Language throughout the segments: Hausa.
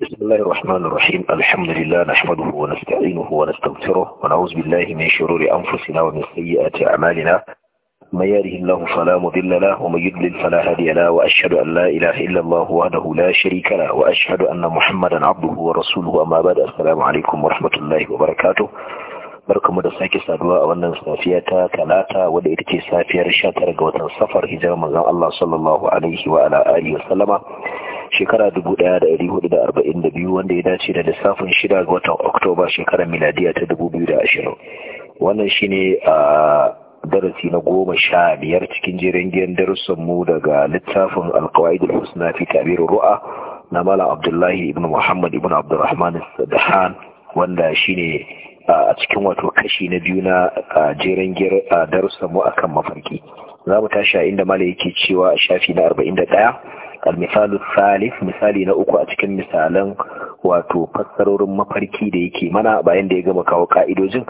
بسم الله الرحمن الرحيم الحمد لله نحمده ونستعينه ونستغفره ونعوذ بالله من شرور أنفسنا ومن سيئات أعمالنا من يهده الله فلا مضل له ومن يضلل فلا هادي له وأشهد أن لا إله إلا الله وحده لا شريك له وأشهد أن محمدا عبده ورسوله أما بعد السلام عليكم ورحمة الله وبركاته barkamu da sake saduwa a wannan safiya ta talata wadda ita ce safiyar 19 ga watan safar hijirar manzon Allah sallallahu alaihi wa ala alihi wa sallama shekara 1442 wanda ya dace da lissafin shida ga watan oktoba shekarar miladiya ta 2020 wannan shine a darasi na goma sha biyar cikin jirgin mu daga littafin alkawaidul husna fi tabirin ru'a na malam abdullahi ibn muhammad ibn abdurrahman sadahan wanda shine a cikin wato kashi na biyu na darussan mu akan mafarki za mu tashi a inda malam yake cewa shafi na ɗaya. al-misal al misali na uku a cikin misalan wato fassarorin mafarki da yake mana bayan da ya gama kawo ka'idojin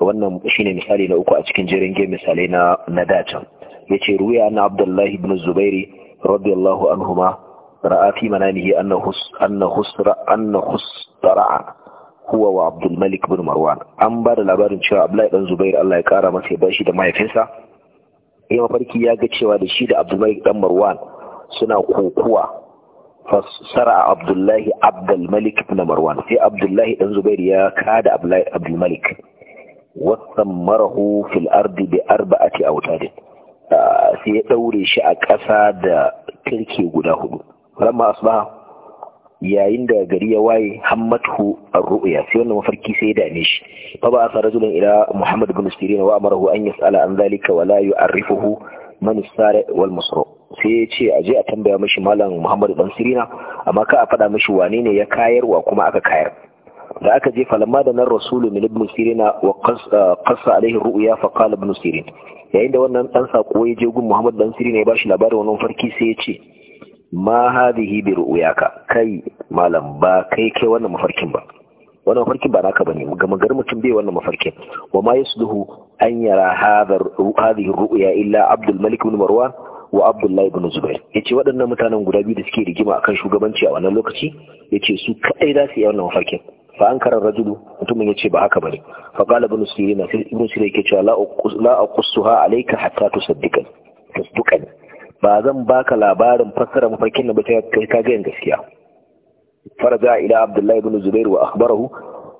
wannan shine misali na uku a cikin jerin game misalai na na dacan yace ruya anna abdullahi ibn zubairi radiyallahu anhuma ra'a fi manamihi anna hus anna husra anna marwan an ba da labarin cewa abdullahi dan zubair Allah ya kara masa ya bashi da mahaifinsa ya mafarki ya ga cewa da shi da abdul dan marwan suna kokuwa fassara abdullahi abdulmalik ibn marwan sai abdullahi dan zubairu ya kada abdulmalik wasammarahu fil ardi bi arba'ati awtad ah, sai ya daure shi a ƙasa da kirke guda hudu lamma asbaha yayin da gari ya waye hammatu ar-ru'ya sai wannan mafarki sai ya dame shi fa ba asa rajulun ila muhammad ibn sirin wa amarahu an yas'ala an dhalika wa la yu'arrifuhu man as-sari wal masru sai ya ce aje a tambaya mishi malam muhammadu dan sirina amma ka a faɗa mishi wane ne ya kayarwa kuma aka kayar da aka je falamma da nan rasulu min ibn sirina wa ah, qassa alaihi ru'ya fa qala ibn sirin yayin da wannan dan sako ya je gun muhammadu dan sirina ya bashi labarin wannan farki sai ya ce ma hadhihi bi ru'yaka kai malam ba kai kai wannan mafarkin ba wannan mafarkin ba naka bane gama gar mutum bai wannan mafarkin wa ma yasluhu an yara hadhar hadhihi ru'ya illa abdul malik ibn marwan wa abdullahi ibn zubair yace waɗannan mutanen guda biyu da suke rigima akan shugabanci a wannan lokaci yace su kadai za su yi wannan mafarkin fa an karar rajulu mutumin yace ba haka bane fa qala ibn sirina sai ibn sirina yake cewa la la aqussuha alayka hatta tusaddiqan tasdiqan ba zan baka labarin fassara mafarkin na ba sai ka ga gaskiya faraja ila abdullahi ibn zubair wa akhbarahu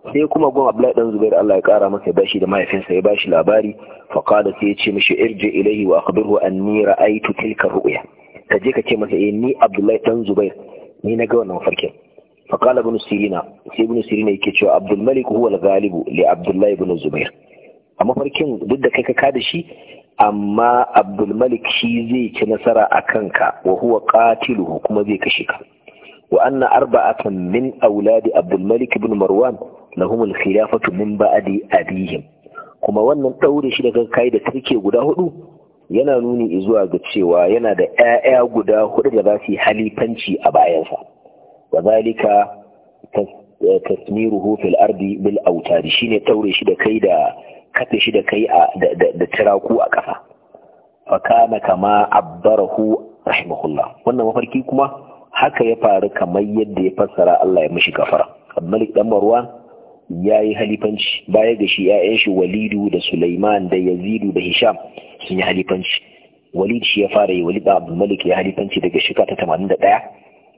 sai kuma gun Abdullahi dan Zubair Allah ya kara masa bashi da mahaifinsa ya bashi labari fa qala sai ya ce mishi irji ilayhi wa akhbirhu anni ra'aytu tilka ru'ya ka je ka ce masa eh ni Abdullahi dan Zubair ni na ga wannan mafarkin fa qala ibn Sirina sai ibn Sirina yake cewa Abdul Malik huwa al-ghalib li Abdullahi ibn Zubair a mafarkin duk da kai ka kada shi amma Abdul Malik shi zai ci nasara a kanka wa huwa qatiluhu kuma zai kashe ka وأن أربعة من أولاد عبد الملك بن marwan lahumul khilafatu min ba'di abihim kuma wannan daure shi daga kai da take guda hudu yana nuni zuwa ga cewa yana da ƴaƴa guda hudu da za su yi halifanci a bayansa wa zalika eh, tasmiruhu fil ardi bil autari shine daure shi da kai da kafe shi da kai da tiraku a ƙasa fa kana kama abbarahu rahimahullah wannan mafarki kuma haka ya faru kamar yadda ya fassara Allah ya mishi gafara Malik dan Marwan ya yi halifanci baya ga shi ‘ya'yan shi walidu da Sulaiman da Yazidu da Hisham sun yi halifanci walid shi ya fara yi walid abu Malik ya halifanci daga shika ta 81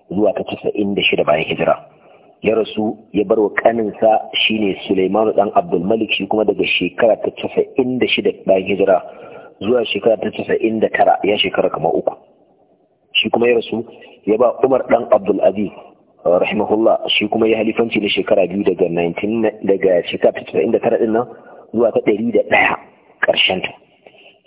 zuwa ta 96 bayan hijira ya rasu ya bar wa kaninsa shine Sulaiman dan Abdul Malik shi kuma daga shekara ta 96 bayan hijira zuwa shekara ta 99 ya shekara kama uku shi kuma ya rasu ya ba Umar dan Abdul Aziz rahimahullah shi kuma ya halifanci na shekara biyu daga 19 daga shekara 99 din nan zuwa ta 101 karshen ta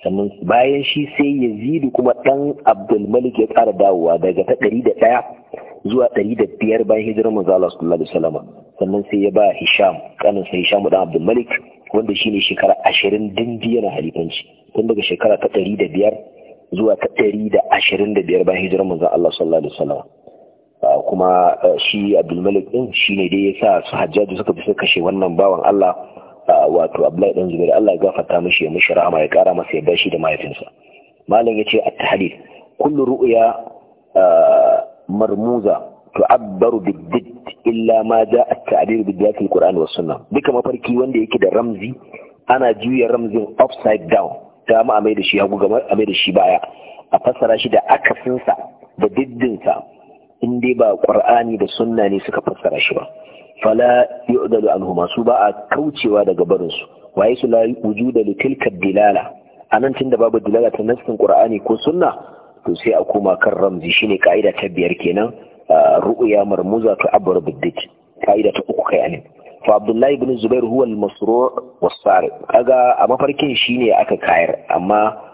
sannan bayan shi sai Yazidu kuma dan Abdul Malik ya tsara dawowa daga ta 101 zuwa 105 bayan hijirar manzo Allah sallallahu alaihi wasallam sannan sai ya ba Hisham kanin sai Hisham dan Abdul Malik wanda shine shekara 20 dindi yana halifanci tun daga shekara ta 105 zuwa ta 125 bayan hijirar manzo Allah sallallahu alaihi wasallam kuma eh, shi abdulmalik din shi ne dai ya sa su hajjaji suka fi suka kashe wannan bawan allah eh, wato abdullahi ɗan Zubairu, allah ya gafarta mishi ya mishi rahama ya kara masa yadda shi da mahaifinsa malam yace at-tahdid kullu ru'ya eh, marmuza tu'abbaru bid illa ma jaa at-ta'bir bi dhati al-qur'an was sunnah duka mafarki wanda yake da ramzi ana juya ramzin upside down ta ma a mai da shi hagu gaba a mai da shi baya a fassara shi da akasinsa da diddinsa in dai ba qur'ani da sunna ne suka fassara shi ba fala yu'dalu anhuma su ba a kaucewa daga barinsu. su waye su la wujuda li tilka dilala anan da babu dilala ta nassin qur'ani ko sunna to sai a koma kan ramzi shine ka'ida ta biyar kenan ru'ya marmuza tu abru biddik ka'ida ta uku kai anin fa abdullahi ibn zubair huwa al-masru' was-sariq kaga a mafarkin shine aka kayar amma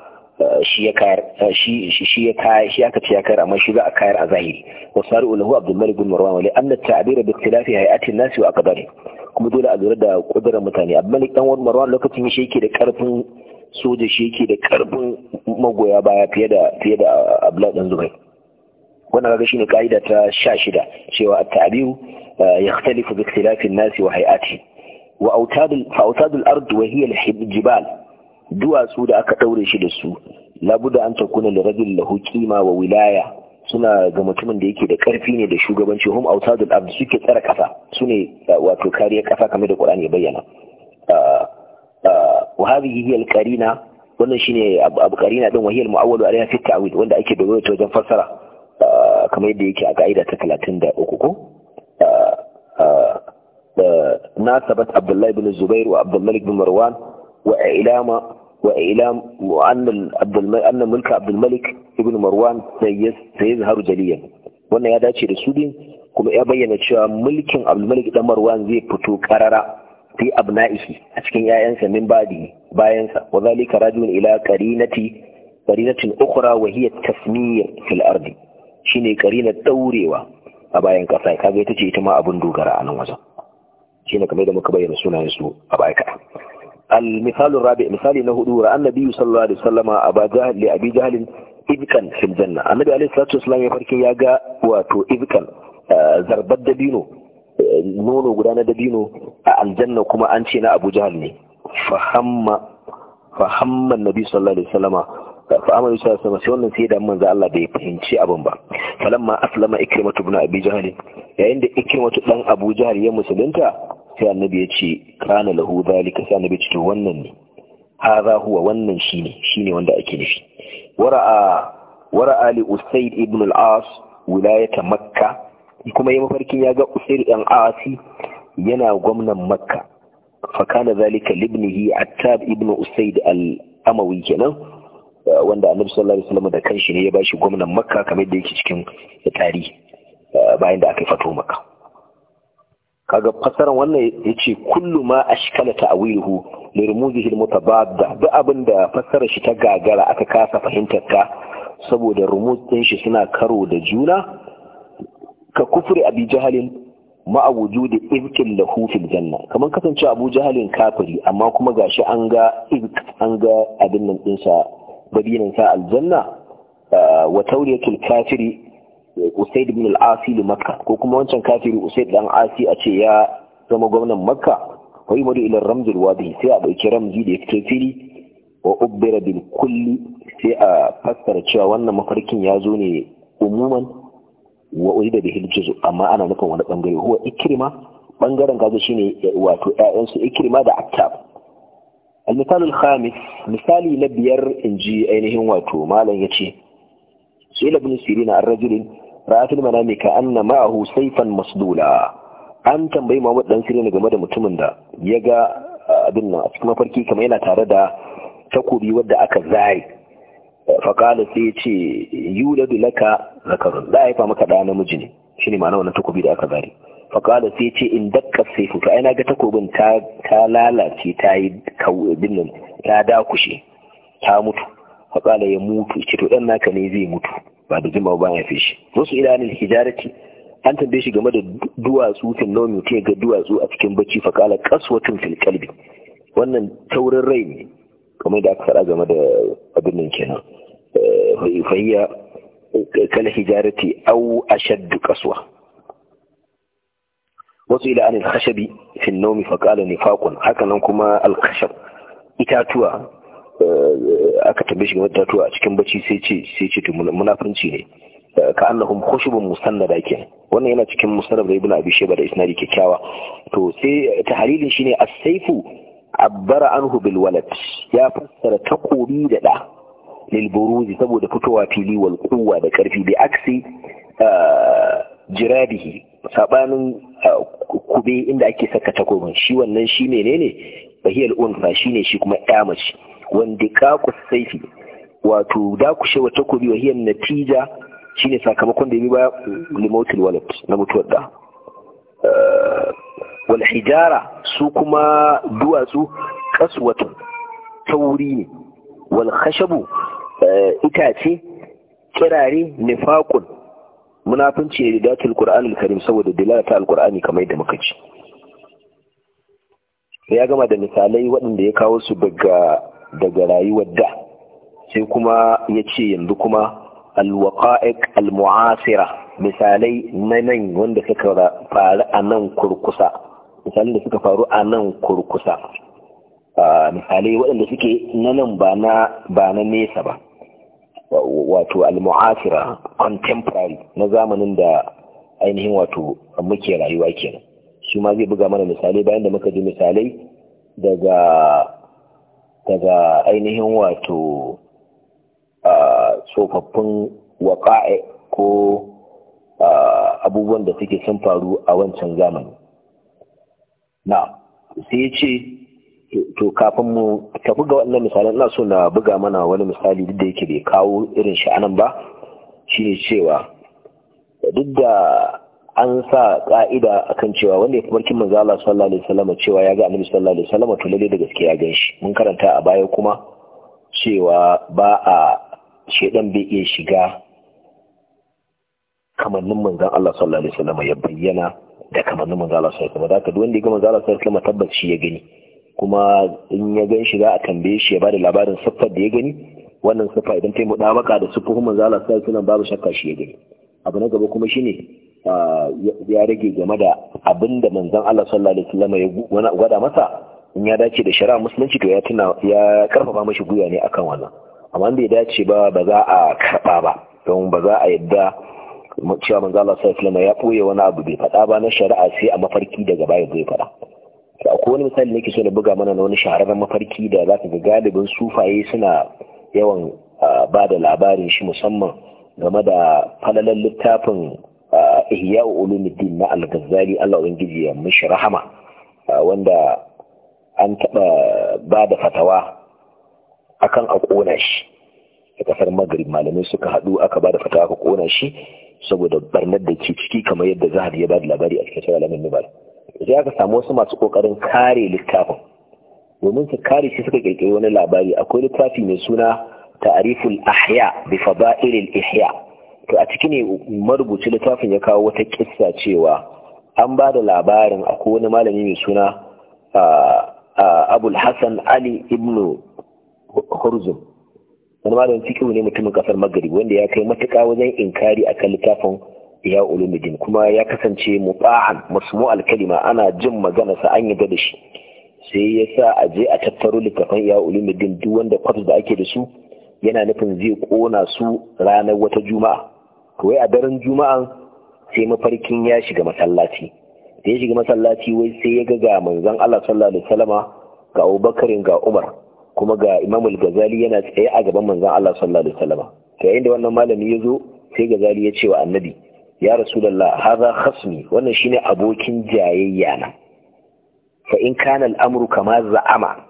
shi ya kayar shi ya kayar aka ce ya kayar amma shi za a kayar a zahiri wa sari'u lahu abdul malik bin marwan wali anna ta'bir bi ikhtilafi hay'atin nas wa aqdari kuma dole a lura da kudurar mutane abdul malik dan marwan lokacin shi yake da karfin soja shi yake da karfin magoya baya fiye da fiye da abdul dan zubair wannan kaga shine kaida ta 16 cewa at-ta'bir uh, yakhtalifu bi ikhtilafi an-nas wa hay'atihi wa awtad fa awtad al-ard wa hiya al-jibal duwatsu da aka ɗaure shi da su labuda an takuna da ragin lahu qima wa wilaya suna ga mutumin da yake da karfi ne da shugabanci hum autadul abd suke tsara kasa ne wato kariyar kasa kamar da Qur'ani ya bayyana wa hadhihi hiya al-qarina wannan shine abu qarina din wahiyal mu'awwalu alaiha fi wanda ake dogaro ta wajen fassara kamar yadda yake a ka'ida ta 33 ko nasabat Abdullahi bin Zubair wa Abdul Malik bin Marwan wa ilama وإعلام وأن أن ملك عبد الملك ابن مروان سيظهر جليا وأن يا داتي رسولين كما يبين أن ملك عبد الملك ابن مروان زي بتو كررا في أبنائه أتكين يا أنسى من بعده باينسى وذلك رجل إلى قرينة قرينة أخرى وهي التسمير في الأرض شيني قرينة دوريوة أباين كفاية كاغي تجي إتما أبن دوغرا أنا وزا شيني كما يدى مكبين سنة يسو أبايكا المثال الرابع مثال نهدو رأى النبي a الله عليه وسلم أبا جهل لأبي جهل إذكا A الجنة النبي عليه الصلاة والسلام يفركي يقى واتو إذكا زربت دبينو nono guda na dabino a aljanna kuma an ce na abu jahal ne fahamma nabi sallallahu alaihi wasallama fa amara sai sama sai wannan sai da Allah bai fahimci abin ba falamma aslama ikrimatu ibn abi jahal yayin da ikrimatu dan abu jahal ya musulunta sai annabi ya ce kana lahu zalika sai annabi ya ce to wannan ne hadha huwa wannan shine shine wanda ake nufi wara'a wara'a li usayd ibn al-as wilayata makka kuma yayin mafarkin ya ga usayd al As yana gwamnan makka fa kana zalika libnihi attab ibn usayd al-amawi kenan wanda annabi sallallahu alaihi wasallam da kanshi ne ya bashi gwamnan makka kamar da yake cikin tarihi bayan da aka fito makka kaga fasaran wannan yace kullu ma ashkala ta'wiluhu li rumuzihi al-mutabadda duk abin da fassara shi ta gagara aka kasa fahimtar ka saboda rumuz din shi suna karo da juna ka kufri abi jahalin ma a wujudi ibkin lahu fil janna kamar kasance abu jahalin kafiri amma kuma ga shi an ga abin nan dinsa babinan aljanna ah, wa tawriyatul kafiri usaid ibn al-asi makka ko kuma wancan kafiri usaid dan asi a ce ya zama gwamnan makka yi mudu ila ramzul wadi sai a dauki ramzi da yake fili wa ubbira bil kulli sai a fassara cewa wannan mafarkin ya zo ne umuman wa urida bihi al amma ana nufin wani bangare huwa ikrima bangaren kaza shine wato 'ya'yansu ikrima da attab al mithal al-khamis misali na biyar inji ainihin wato malam yace سئل ابن سيرين عن رجل رأى في المنام كأن معه سيفا مسدولا an tambayi Muhammad dan Sirri game da mutumin da ya ga abin nan a cikin mafarki kamar yana tare da takobi wadda aka zari faƙala sai ya ce yuladu laka zakarun za a haifa maka ɗa namiji ne shine ma'ana wannan takobi da aka zari faƙala sai ce in dakka sai fuka ai na ga takobin ta lalace ta yi kawabin nan ta dakushe ta mutu faƙala ya mutu ce to ɗan naka ne zai mutu ba da jimawa ba ya fi wasu ilanin hijarati an tambaye shi game da duwatsu fil nomi ta ga duwatsu a cikin bacci fa kala qaswatun fil wannan taurin rai ne kamar da aka fara game da abin nan kenan eh, fahiya kal hijarati aw ashaddu qaswa wasu ila khashabi fil nomi fa kala haka nan kuma al khashab itatuwa Eh, aka tambaye shi game da a cikin bacci sai ce sai ce to munafunci ne eh, ka annahum khushubun musannada kenan wannan yana cikin musannad da ibnu abi shayba da isnadi kyakkyawa to sai eh, tahlilin shine as-saifu abbara anhu bil walad ya fassara takobi da da lil buruzi saboda fitowa fili wal quwwa da karfi bi aksi jirabihi sabanin kube inda ake saka takobin shi wannan shi menene bahiyal unfa shine shi kuma ya mace wanda kaku saifi wato da ku dakushe wa takobi wa hiyar natija shine sakamakon da ya bi limotil wallet na mutuwar da eh, wal hijara su kuma duwatsu kaswatun tauri ne wal khashabu eh, itace kirare nifaqun munafinci ne da datul qur'anul karim saboda dilalata alqur'ani kamar yadda muka ce ya gama da misalai waɗanda ya kawo su daga daga rayuwar da sai kuma ya ce yanzu kuma alwaka'ik almu'asira misalai na nan wanda suka faru a nan kurkusa misalai da suka faru a nan kurkusa misalai waɗanda suke na nan ba na nesa ba wato almu'asira contemporary na zamanin da ainihin wato muke rayuwa kenan shi ma zai buga mana misalai bayan da muka ji misalai daga daga ainihin wato tsofaffin waƙa'i ko abubuwan da suke sun faru a wancan zamani na sai ce to kafin mu tafi ga wannan misalin? ina so na buga mana wani misali duk da yake bai kawo irin shi ba ba ne cewa duk da an sa ka'ida akan cewa wanda ya farkin manzo Allah sallallahu alaihi wasallam cewa ya ga annabi sallallahu alaihi wasallam to lalle da gaske ya ganshi mun karanta a baya kuma cewa ba a shedan bai iya shiga kamannin manzon Allah sallallahu alaihi wasallam ya bayyana da kamannin manzon Allah sallallahu alaihi wasallam da wanda ya ga manzon Allah sallallahu alaihi wasallam tabbaci ya gani kuma in ya ganshi za a tambaye shi ya bada labarin siffar da ya gani wannan siffa idan ta yi mudabaka da siffofin manzon Allah sallallahu alaihi wasallam babu shakka shi ya gani abu na gaba kuma shine ya rage game da abin da manzan Allah sallallahu alaihi wasallam ya gwada masa in ya dace da shari'a musulunci to ya tuna ya karfafa mashi guya ne akan wannan amma bai dace ba ba za a karba ba don ba za a yadda cewa manzo Allah sallallahu alaihi ya boye wani abu bai faɗa ba na shari'a sai a mafarki daga baya zai faɗa to akwai wani misali nake so na buga mana na wani shahararren mafarki da za ka ga galibin sufaye suna yawan ah, ba da labarin shi musamman game da falalan littafin ihya ulumuddin na al-ghazali Allah ubangiji ya mishi rahama wanda an taba ba da fatawa akan a kona shi a kasar magrib malamai suka hadu aka ba fatawa ka kona shi saboda barnar da ke ciki kamar yadda zahar ya ba da labari a cikin alamin nubal sai aka samu wasu masu kokarin kare littafin domin su kare shi suka kirkiri wani labari akwai littafi mai suna ta'riful ahya bi fada'il ihya to a ciki ne marubuci littafin ya kawo wata kissa cewa an ba da labarin a wani malami mai suna abul hassan ali Ibnu hurzum wani malamin cikin ne mutumin kasar magharibi wanda ya kai matuka wajen inkari akan littafin ya ulumidin kuma ya kasance mubahan masmu alkalima ana jin magana sa an yadda da shi sai ya sa a je a tattaro littafin ya ulumidin duk wanda kwatas da ake da su yana nufin zai kona su ranar wata juma'a kawai a daren juma'a sai mafarkin ya shiga masallaci da ya shiga masallaci wai sai ya ga ga manzon Allah sallallahu alaihi wasallama ga Abubakar ga Umar kuma ga Imam al yana tsaye a gaban manzon Allah sallallahu alaihi wasallama da wannan malami ya zo sai Ghazali ya ce wa Annabi ya Rasulullah hadha khasmi wannan shine abokin jayayya na fa in kana al-amru kama za'ama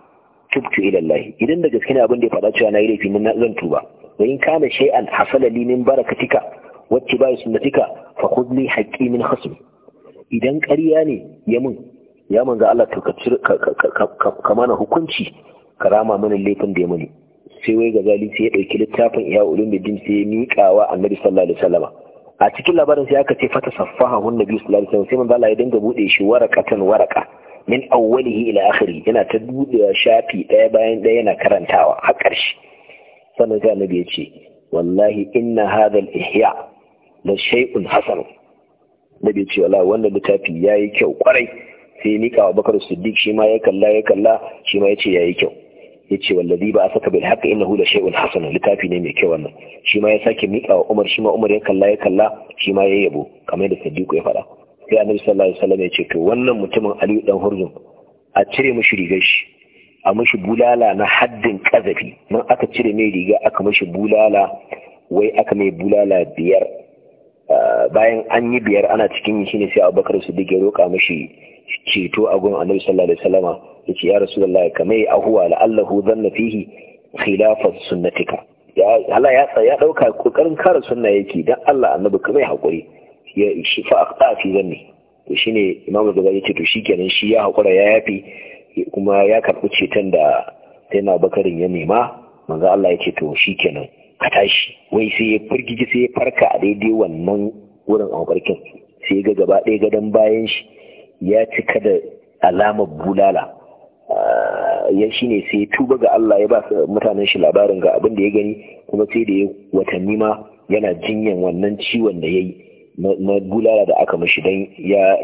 tubtu ila Allah idan da gaske abin da ya faɗa cewa na yi laifi na zan tuba wa in kana shay'an hasala li min barakatika wacce ba sunnatika fa khudli haƙƙi min khasmi idan ƙarya ne ya mun ya manzo Allah to ka mana hukunci ka rama mana laifin da ya muni sai wai gazali sai ya dauki littafin iya ulumuddin sai ya miƙawa annabi sallallahu alaihi wasallama a cikin labarin sai aka ce fata saffaha hun nabi sallallahu alaihi wasallam sai manzo Allah ya dinga bude shi warakatan waraka min awwalihi ila akhiri yana ta budewa shafi daya bayan daya yana karantawa har ƙarshe sannan sai annabi ya ce wallahi inna hadha al-ihya da shaikun hasan da bai ce wala wannan littafi yi kyau kwarai sai mika wa bakar siddiq shi ma ya kalla ya kalla shi ma ya yi kyau ya yace wallazi ba a saka bil haka innahu la shay'un hasan littafi ne mai kyau wannan shi ma ya sake mika wa umar shi ma umar ya kalla ya kalla shi ma ya yabo kamar da siddiq ya faɗa sai annabi sallallahu alaihi wasallam ya ce to wannan mutumin aliyu dan hurzun a cire mishi rigar shi a mashi bulala na haddin kazafi nan aka cire mai riga aka mashi bulala wai aka mai bulala biyar bayan an yi biyar ana cikin yi ne sai abubakar siddiq ya roƙa mashi ceto a gun annabi sallallahu alaihi wasallama ya ce ya rasulullahi kamar ahuwa la'allahu zanna fihi khilafat sunnatika ya Allah ya ya dauka kokarin kare sunna yake dan Allah annabi kamar hakuri ya shi fa aqta fi zanni to shine imam gaba ya to shikenan shi ya hakura ya yafi kuma ya karbi ceton da sai na bakarin ya nema manzo Allah ya to shikenan a tashi wai sai ya firgigi sai ya farka a daidai wannan wurin a mafarkin sai ya ga gaba ɗaya gadon bayan shi ya cika da alamar bulala ah, ya shi ne sai tuba ga Allah ya ba mutanen shi labarin ga abin da ya gani kuma sai da ya watanni ma yana jinyan wannan ciwon da ya yi na bulala da aka mashi don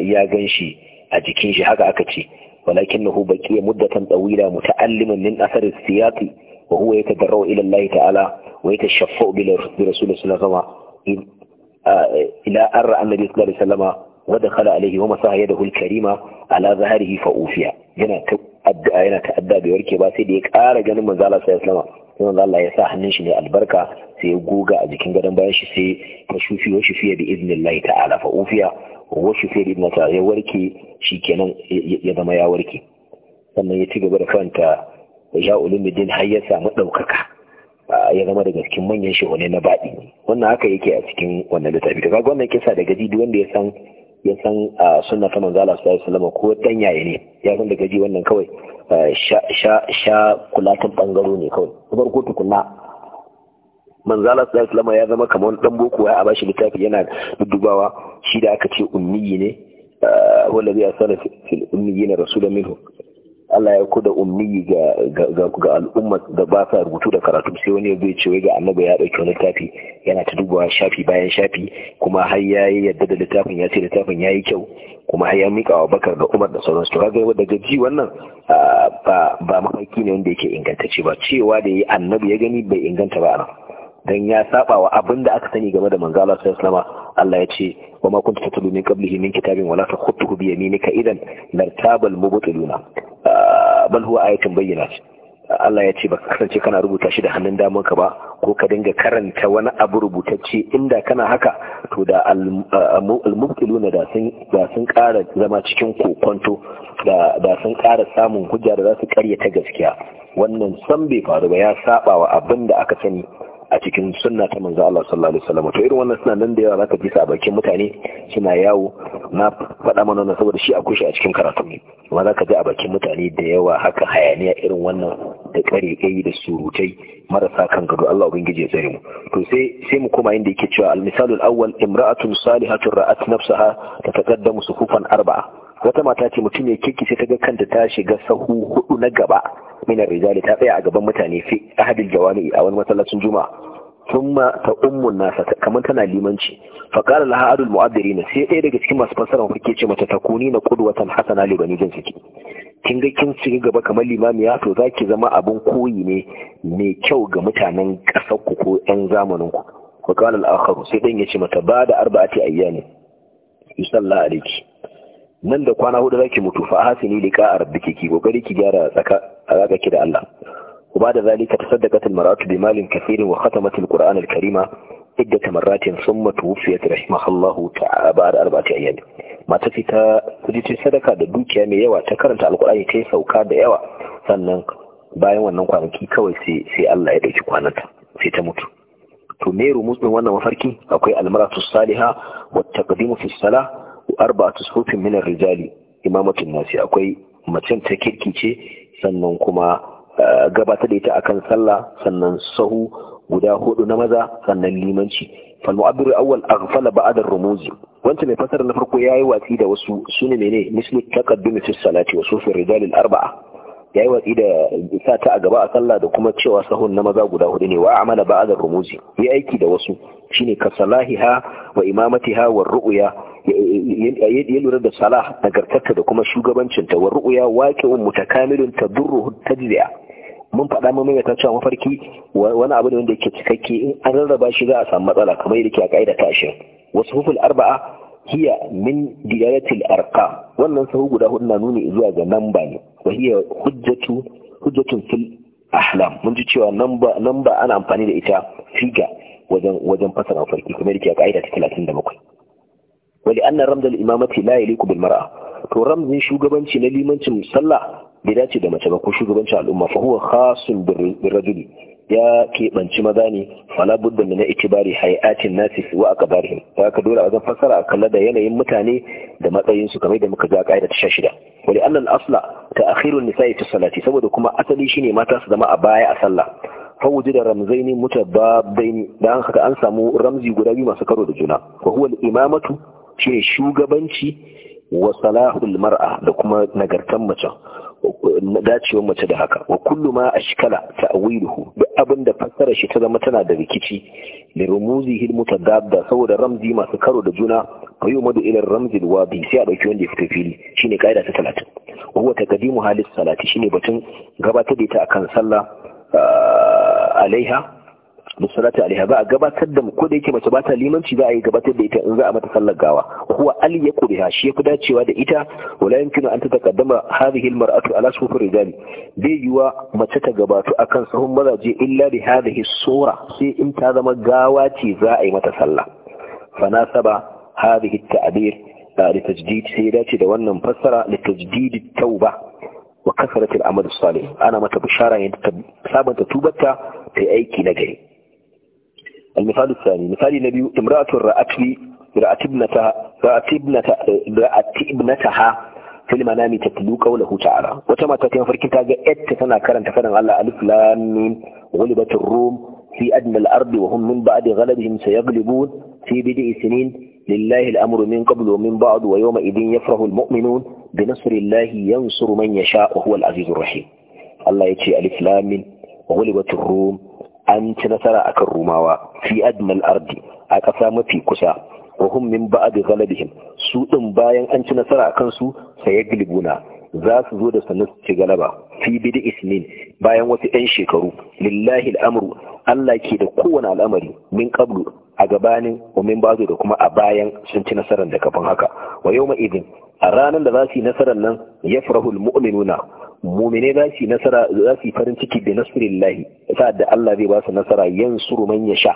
ya gan shi a jikin shi haka aka ce walakin na ya muddatan tsawira muta'alliman min athar siyaqi wa huwa yatadarra'u ila ilallahi ta'ala ويتشفع برسول الله صلى الله عليه وسلم إلى أرى النبي صلى الله عليه وسلم ودخل عليه ومسح يده الكريمة على ظهره فأوفيا yana addu'a yana ta'adda da warke ba sai da ya ƙara ganin manzo Allah sai sallama sai Allah ya sa hannun shi ne albarka sai ya goga a jikin gadon bayan shi sai ta shufi wa shufiya bi idnillahi ta'ala fa ufiya wa shufiya bi idnillahi ta'ala ya warke kenan ya zama ya warke sannan ya ci gaba da kanta ya har ya samu ɗaukaka Ah, ya zama daga cikin manyan shehune na baɗi wannan haka yake a cikin wannan littafi to kaga wannan kisa daga ji wanda ya san ya san ah, sunna ta Manzala Allah sallallahu alaihi wasallam ko dan yaye ne ya san daga ji wannan kawai ah, sha sha sha kulatan bangaro ne kawai kamar ko tukunna Manzala Allah sallallahu alaihi ya zama kamar dan boko ya bashi littafi yana dudubawa shi da aka ce ummi ne zai asana fil rasu rasulun minhu Allah ya kuda ummi ga al'umma da ba sa rubutu da karatu sai wani zai ce wai ga annabi ya dauki wani littafi yana ta dubawa shafi bayan shafi kuma har ya yi yadda da littafin ya ce littafin ya yi kyau kuma har ya mika wa bakar da umar da sauransu to kaga daga gaji wannan ba ba mafarki ne wanda yake ingantacce ba cewa da yi annabi ya gani bai inganta ba nan dan ya saba wa abin aka sani game da manzala sai salama Allah ya ce wa ma kunta tatlu min qablihi min kitabin wala takhutuhu bi yaminika idan lartabal mubtiluna ah, bal huwa ayatun bayyinat Allah ya ce ba ka kasance kana rubuta shi da hannun ka ba ko ka dinga karanta wani abu rubutacce inda kana haka to da al ah, da sun da sun ƙara zama cikin kokonto da da sun ƙara samun hujja da za su ƙaryata gaskiya wannan san bai faru ba ya saba wa abin da aka sani a cikin sunna ta manzo Allah sallallahu alaihi wasallam to irin wannan suna nan da yawa zaka ji a bakin mutane suna yawo na faɗa mana wannan saboda shi a kushe a cikin karatu ne amma zaka ji a bakin mutane da yawa haka hayaniya irin wannan da kare kai da surutai marasa kan gado Allah ubangiji ya tsare mu to sai sai mu koma inda yake cewa al-misalul awwal imra'atun salihatun ra'at nafsaha tataqaddamu sufufan arba'a wata mata ce mutum ya kirki sai ta ga kanta ta shiga sahu hudu na gaba mina rijali ta tsaya a gaban mutane fi ahadil jawami a wani masallacin juma'a thumma ta ummun nasa kamar tana limanci fa qala laha adul na sai ɗaya daga cikin masu fassara hukke ce mata kuni na qudwatan hasana li bani jin ciki kin ga kin shiga gaba kamar limamiya to zaki zama abin koyi ne mai kyau ga mutanen ƙasar ku ko ƴan zamanin ku fa qala al sai ɗan ya ce mata ba da arba'ati ayyami yusalla alayki nan da kwana hudu zaki mutu fa hasini liqa rabbiki ki kokari ki gyara tsaka alaka ki da Allah وبعد ذلك تصدقت المرأة بمال كثير وختمت القرآن الكريم عدة مرات ثم توفيت رحمها الله تعالى بعد أربعة أيام ما تفتا تجي صدقة دوكيا مي يوا تكرنت القرآن تي سوكا da yawa sannan bayan wannan kwanaki kawai sai Allah ya dauki kwananta sai ta mutu to me rumus wannan mafarki akwai almaratu Saliha wa taqdimu arba'atu sufufin minan rijali imamatin akwai mace ta kirki ce sannan kuma eh, gabatar da ita akan sallah sannan sahu guda hudu na maza sannan limanci fal Auwal awwal aghfala ba'd ar-rumuzi wanda mai fasara na farko yayi watsi da wasu sune mene misli taqaddum fi salati wa sufur rijal al-arba'a yayi watsi da sa ta a gaba a sallah da kuma cewa sahun na maza guda hudu ne wa amala ba'd ar-rumuzi yayi aiki da wasu shine kasalahiha wa imamatiha wa Ru'uya? ya lura da salah nagartarta da kuma shugabancinta wa ru'uya waqi'un mutakamilun tadurruhu tajzi'a mun faɗa mun mai cewa mafarki wani abu ne wanda yake cikakke in an rarraba shi za a samu matsala kamar yadda ke a ka'ida ta wasu hukul arba'a hiya min diyalatil arqa wannan sahu guda hudu na nuni zuwa ga namba ne wa hiya hujjatu hujjatun fil ahlam mun ji cewa namba namba ana amfani da ita figa wajen wajen fasara mafarki kamar yadda ke a ka'ida ta 37 wali anna ramdal imamati la yaliku bil mar'a to ramzin shugabanci na limancin sallah bai dace da mace ba ko shugabancin al'umma fa huwa khasun bir rajuli ya keɓanci maza ne fala na min itibari hay'atin nasi wa akbarihim ta ka dole a zan fassara a kalla da yanayin mutane da matsayin su kamar da muka ga kaida ta 16 wali annal asla ta'khirun nisa'i fi salati saboda kuma asali shine mata su zama a baya a sallah fa wujida ramzaini mutababbaini dan haka an samu ramzi guda biyu masu karo da juna wa huwa al-imamatu shine shugabanci wa salahul mar'a da kuma nagartan mace dacewar mace da haka wa kullu ma ashkala ta'wiluhu duk abin da fassara shi ta zama tana da rikici li rumuzihi mutadadda saboda ramzi masu karo da juna fa yumadu ila ramzi alwadi sai a ɗauki wanda ya fito fili shine ƙa'ida ta 30 wa huwa taqdimu halis salati ne batun gabatar da ita akan sallah ah, alaiha musalata alaiha za a gabatar da ko da yake mace ba ta limanci ba a yi gabatar da ita in za a mata sallar gawa huwa ali ya kuriha shi yafi dacewa da ita wala yumkinu an tataqaddama hadhihi almar'atu ala sufur rijali bai yiwa mace ta gabatu akan sahun mazaje illa bi hadhihi sura sai in ta zama gawa ce za a yi mata sallah fanasaba hadhihi at-ta'bir da tajdid sai dace da wannan fassara da tajdid at-tauba wa kasratil amal salih ana mata bishara yadda ta sabanta tubarta ta aiki na gari المثال الثاني مثال النبي امرأة رأت لي رأت ابنتها رأت ابنتها رأت ابنتها في المنام تتلو قوله تعالى وتما تكن في الكتاب ات كرن كرنت على الف لام غلبت الروم في ادنى الارض وهم من بعد غلبهم سيغلبون في بدء سنين لله الامر من قبل ومن بعد ويومئذ يفرح المؤمنون بنصر الله ينصر من يشاء وهو العزيز الرحيم الله يتي الف لام غلبت الروم an ci nasara kan rumawa fi adnal ardi a ƙasa mafi kusa wa hum min ba'd ghalabihim su din bayan an ci nasara a akan su sayaglibuna za su zo da sanin ci galaba fi bidi ismin bayan wasu 'yan shekaru lillahi al'amru Allah ke da kowane al'amari min qablu a gabanin wa min ba'du da kuma a bayan sun ci nasarar da kafin haka wa yawma idin a ranar da za su yi nasarar nan ya farahul mu'minuna mumine za su yi nasara za su yi farin ciki da nasirillahi sa'ad da Allah zai ba su nasara yansuru man sha.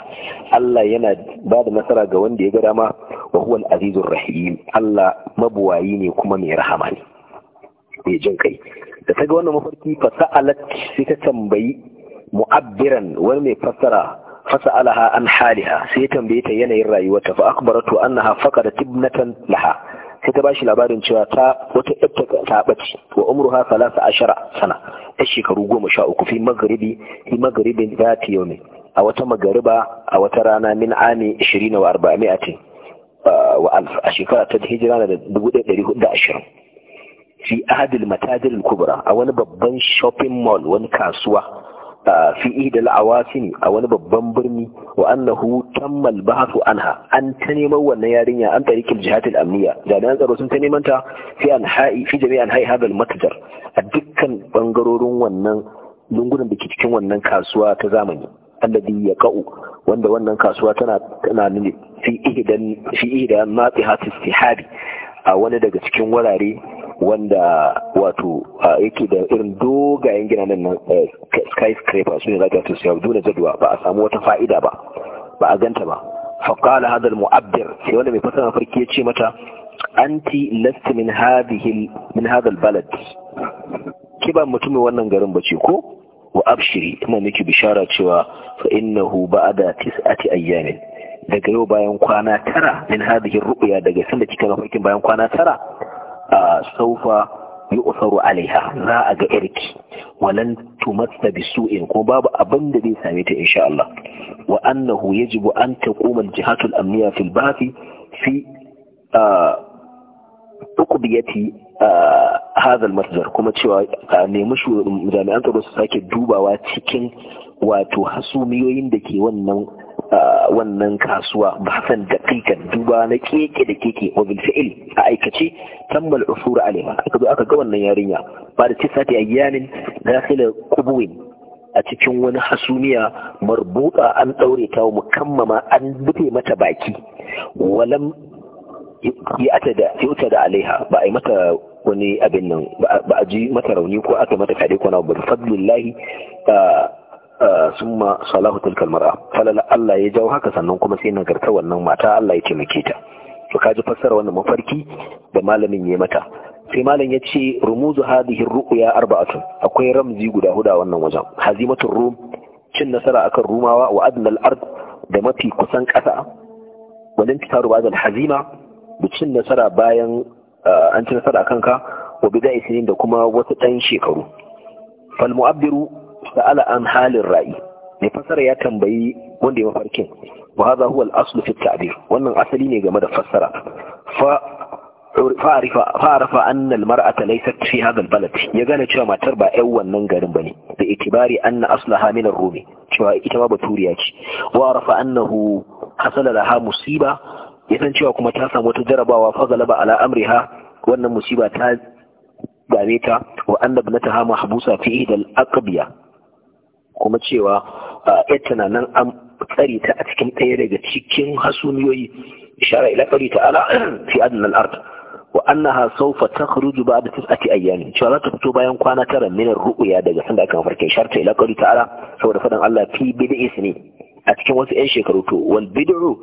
Allah yana ba da nasara ga wanda ya ga dama wa huwa azizur rahim Allah mabuwayi ne kuma mai rahama ne mai jin kai da ta ga wannan mafarki fa sa'alat sai ta tambayi mu'abbiran wani mai fassara fasa'alaha an haliha sai tambaye ta yanayin rayuwarta fa akbaratu annaha faqadat ibnatan laha sai ta bashi labarin cewa ta wata ƴatta ta bace wa umruha salasa ashara sana ta shekaru goma sha uku fi magaribi, fi maghribin zati yawmi a wata magariba a wata rana min ami 20 wa 400 ah, wa alf a shekara ta hijira da 1420 fi adil matajir kubra a wani babban shopping mall wani kasuwa fi idil awasin a wani babban birni wa annahu tammal bahasu anha an ta neman wannan yarinya an tarikin jihatul amniya jami'an tsaro sun ta neman ta fi anha'i fi jami'an hai hadal matajar a dukkan bangarorin wannan lungunan da ke cikin wannan kasuwa ta zamani alladhi yaqa'u wanda wannan kasuwa tana tana ne fi ihdan fi ihdan natihat a wani daga cikin wurare wanda wato yake da irin dogayen ginanan nan eh, skyscraper su ne za ka to siya dole jadwa ba a samu wata fa'ida ba ba a ganta ba faqala hadha mu'abbir sai wanda mai fasara farki ya ce mata anti last min hadhihi min ki ba mutumin wannan garin bace ko wa abshiri ina miki bishara cewa fa innahu ba'da tis'ati ayyamin daga yau bayan kwana tara min hadhihi ru'ya daga sanda kika ga farkin bayan kwana tara saufa yu'saru alaiha za a ga irki walan tumatta bisu'in ko babu abin da zai same ta insha Allah wa annahu yajibu an taquma al-jihatu al-amniya fil ba'thi fi ukubiyati hadha al kuma cewa nemi jami'an tsaro su sake dubawa cikin wato hasumiyoyin da ke wannan wannan kasuwa ba da daƙiƙan duba na keke da keke wa bil a aikace tammal usura alaiha aka zo aka ga wannan yarinya ba da tisati da dakhil qubuwin a cikin wani hasumiya marbuta an daure ta mukammama an rufe mata baki walam ya yauta da alaiha ba ai mata wani abin nan ba a ji mata rauni ko aka mata kade ko na ba fadlillahi ma salahu tilkal mar'a falala Allah ya jawo haka sannan kuma sai nagarta wannan mata Allah ya taimake ta to kaji fassara wannan mafarki da malamin ya mata sai malam ya ce rumuzu hadhihi ru'ya arba'atu, akwai ramzi guda huda wannan wajen hazimatul rum cin nasara akan rumawa wa adnal ard da mafi kusan kasa Wannan fitaru ba hazima da cin nasara bayan an ci nasara akan ka wa bida'i sinin da kuma wasu ɗan shekaru fal mu'abbiru sa'ala an halin ra'i mai fasara ya tambayi wanda ya mafarkin wa hadha huwa al fi tabir wannan asali ne game da fassara fa fa'arifa anna al-mar'ata laysat fi hadha al-balad ya gane cewa matar ba ƴan wannan garin bane da itibari anna aslaha min ar-rumi cewa ita ma baturiya ce wa arafa annahu hasala laha musiba ya san cewa kuma ta samu wata jarabawa fa galaba ala amriha wannan musiba ta game ta wa anna ibnataha mahbusa fi idal aqbiya kuma cewa a na nan an tsare ta a cikin ɗaya daga cikin hasumiyoyi ishara ila ƙari ta'ala fi adnan al'ard wa annaha sawfa takhruju ba'da tis'ati ayyamin cewa za ta fito bayan kwana tara min ru'uya daga sanda aka farke sharta ila qawli ta'ala saboda faɗan Allah fi bid'i ne a cikin wasu 'yan shekaru to wal bid'u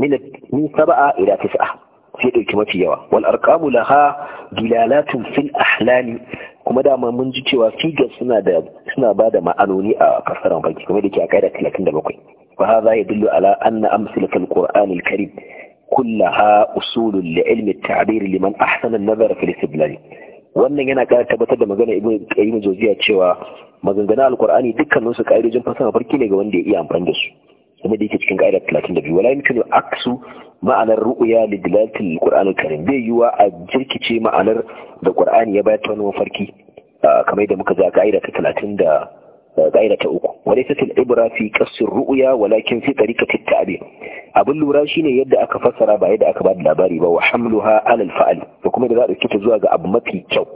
min min sab'a ila tis'a sai ɗauki mafi yawa wal arqamu laha dilalatun fil ahlami kuma dama mun ji cewa figar suna da suna bada ma'anoni a kasaran banki kuma da a kaida 37 fa hadha yadullu ala anna qur'an al karim kullaha usulun li ilmi at-ta'bir liman ahsana an-nazar al istidlal wannan yana ƙara tabbatar da magana ibn qayyim jawziya cewa maganganun al al-qur'ani dukkan su ka'idojin fasaha farki ne ga wanda ya iya amfani da su kuma da yake cikin ƙa'ida biyu wala yumkinu aksu ma'anar ru'uya li dilalatil qur'an karim bai yiwa a jirkice ma'anar da qur'ani ya bayar ta wani mafarki kamar da muka za ka'ida ta talatin da ka'ida ta uku Wani tatil ibra fi qasr ru'ya walakin fi tariqati at abin lura shine yadda aka fassara ba yadda aka ba da labari ba wa hamluha ala al-fa'l da kuma da za a dauke ta zuwa ga abu mafi kyau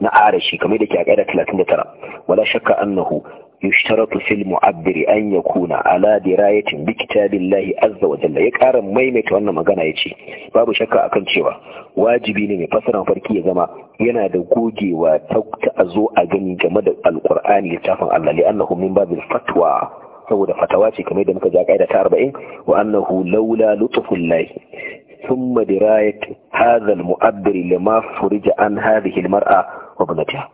na arashi kamar da ke a ƙa'ida tara wala shakka annahu يشترط في المعبر أن يكون على دراية بكتاب الله عز وجل يقار ميمت وانا مغانا يتي باب شكا أكن شوا واجبي نمي فسرا فركي زما ينا دوكوجي وتوكت أزو أغني جمد القرآن لتافا الله لأنه من باب الفتوى saboda fatawa ce kamar da muka ja kaida ta 40 wa annahu laula lutfullahi thumma dirayat hadha almu'abbir lima furija an hadhihi almar'a wa ibnatiha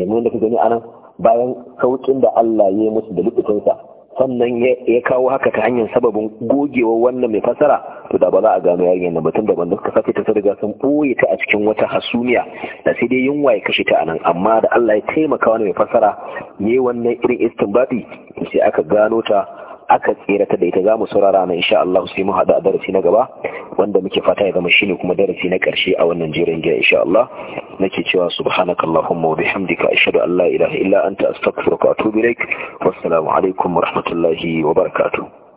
yanzu da ka gani anan bayan saukin da Allah ya yi musu da lukutunsa sannan ya kawo haka ta hanyar sababin gogewa wannan mai fasara to da ba za a gano yarinya yana batun da wanda suka sake ta riga sun ɓoye ta a cikin wata hasumiya da sai dai yunwa ya kashe ta anan amma da Allah ya taimaka wani mai fasara ne wannan irin istinbati sai aka gano ta aka ta da ita za mu saurara na insha Allah sai mu hada darasi na gaba wanda muke fata ya zama shine kuma darasi na karshe a wannan jerin giya insha Allah nake cewa subhanakallahumma wa bihamdika ashhadu an la ilaha illa anta astaghfiruka wa atubu ilaik wassalamu alaikum wa rahmatullahi wa barakatuh